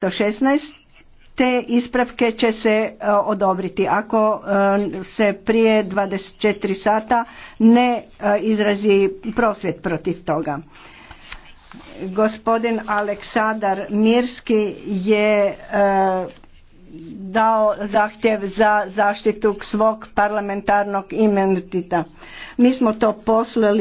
Do 16. te ispravke će se e, odobriti. Ako e, se prije 24 sata ne e, izrazi prosvjed protiv toga. Gospodin Aleksandar Mirski je dao zahtjev za zaštitu svog parlamentarnog imuniteta. Mi smo to poslali